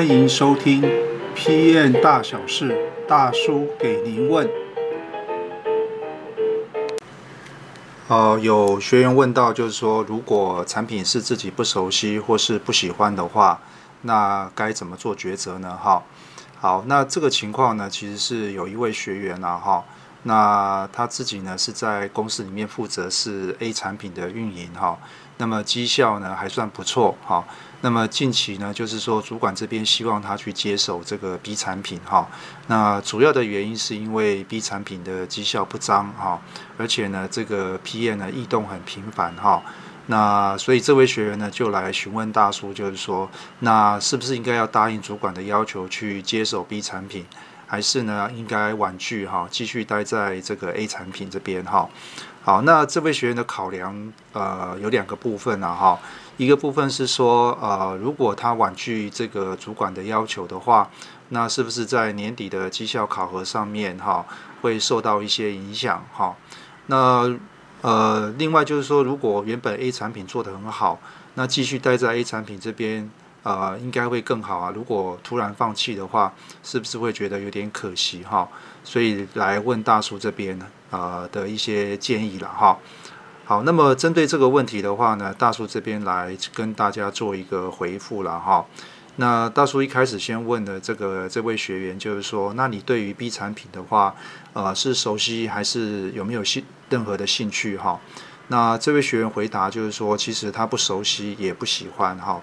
歡迎收聽《PM 大小事》，大叔給您問。哦、呃，有學員問到，就是說，如果產品是自己不熟悉或是不喜歡的話，那該怎麼做抉擇呢？哈、哦，好，那這個情況呢，其實是有一位學員啊哈。哦那他自己呢，是在公司裡面負責是 A 產品的運營哈，那麼績效呢還算不錯哈、哦。那麼近期呢，就是說主管這邊希望他去接手這個 B 產品哈、哦。那主要的原因是因為 B 產品的績效不彰哈、哦，而且呢這個 PM 呢異動很頻繁哈、哦。那所以這位學員呢就來詢問大叔，就是說那是不是應該要答應主管的要求去接手 B 產品？還是呢，應該婉拒哈，繼續、哦、待在這個 A 產品這邊哈、哦。好，那這位學員的考量，呃有兩個部分啊哈、哦，一個部分是說呃，如果他婉拒這個主管的要求的話，那是不是在年底的績效考核上面哈、哦、會受到一些影響哈、哦？那呃，另外就是說，如果原本 A 產品做得很好，那繼續待在 A 產品這邊。啊、呃，應該會更好啊。如果突然放棄的話，是不是會覺得有點可惜哈？所以來問大叔這邊啊、呃、的一些建議了哈。好，那麼針對這個問題的話呢，大叔這邊來跟大家做一個回復了哈。那大叔一開始先問的這個這位學員就是說，那你對於 B 產品的話，呃，是熟悉還是有沒有興任何的興趣哈？那這位學員回答就是說，其實他不熟悉也不喜歡哈。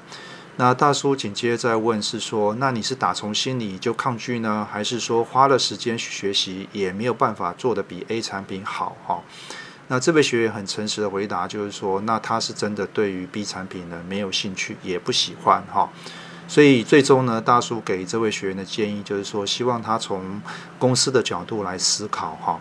那大叔緊接着再問，是說那你是打從心裡就抗拒呢，還是說花了時間去學習也沒有辦法做得比 A 產品好哈？那這位學員很誠實的回答就是說，那他是真的對於 B 產品呢沒有興趣，也不喜歡哈。所以最終呢，大叔給這位學員的建議就是說，希望他從公司的角度來思考哈。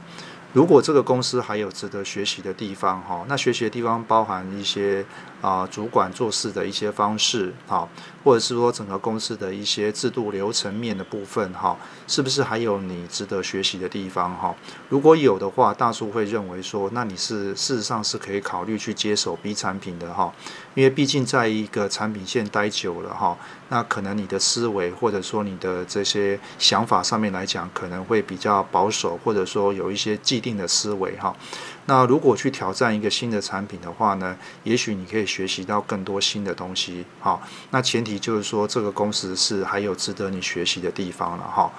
如果這個公司還有值得學習的地方，哈，那學習的地方包含一些啊、呃，主管做事的一些方式，哈，或者是說整個公司的一些制度流程面的部分，哈，是不是還有你值得學習的地方，哈？如果有的話，大叔會認為說，那你是事實上是可以考慮去接手 B 產品的哈，因為畢竟在一個產品線待久了哈，那可能你的思維或者說你的這些想法上面來講，可能會比較保守，或者說有一些既定定的思維哈，那如果去挑戰一個新的產品的話呢，也許你可以學習到更多新的東西。好，那前提就是說這個公司是還有值得你學習的地方了哈。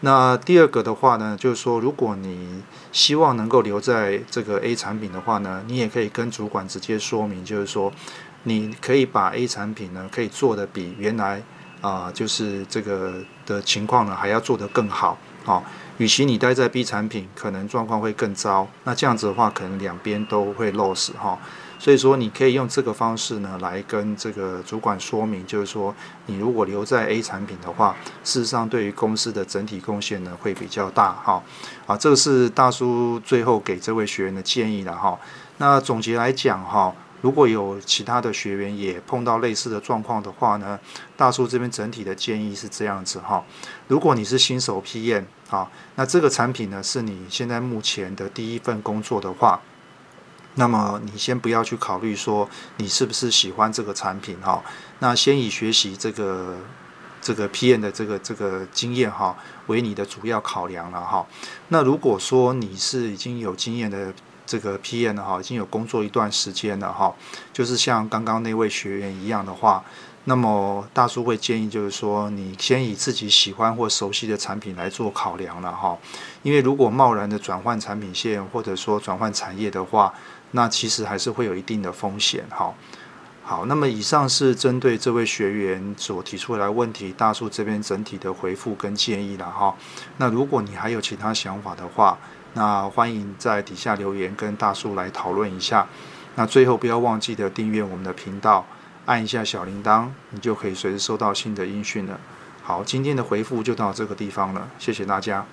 那第二個的話呢，就是說如果你希望能夠留在這個 A 產品的話呢，你也可以跟主管直接說明，就是說你可以把 A 產品呢可以做得比原來。啊、呃，就是這個的情況呢，還要做得更好，好、哦。與其你待在 B 產品，可能狀況會更糟。那這樣子的話，可能兩邊都會 loss。哈。所以說，你可以用這個方式呢，來跟這個主管說明，就是說，你如果留在 A 產品的話，事實上對於公司的整體貢獻呢，會比較大哈、哦。啊，這個是大叔最後給這位學員的建議了哈、哦。那總結來講哈。哦如果有其他的學員也碰到類似的狀況的話呢，大叔這邊整體的建議是這樣子哈、哦。如果你是新手 PM 啊，那這個產品呢，是你現在目前的第一份工作的話，那麼你先不要去考慮說你是不是喜歡這個產品哈。那先以學習這個這個 PM 的這個這個經驗哈，為你的主要考量了哈。那如果說你是已經有經驗的，這個 PM 哈已經有工作一段時間了哈，就是像剛剛那位學員一樣的話，那麼大叔會建議就是說，你先以自己喜歡或熟悉的產品來做考量了哈，因為如果貿然的轉換產品線或者說轉換產業的話，那其實還是會有一定的風險哈。好，那麼以上是針對這位學員所提出來問題，大叔這邊整體的回覆跟建議了哈。那如果你還有其他想法的話，那歡迎在底下留言跟大叔來討論一下。那最後不要忘記的訂閱我們的頻道，按一下小鈴鐺，你就可以隨時收到新的音訊了。好，今天的回覆就到這個地方了，謝謝大家。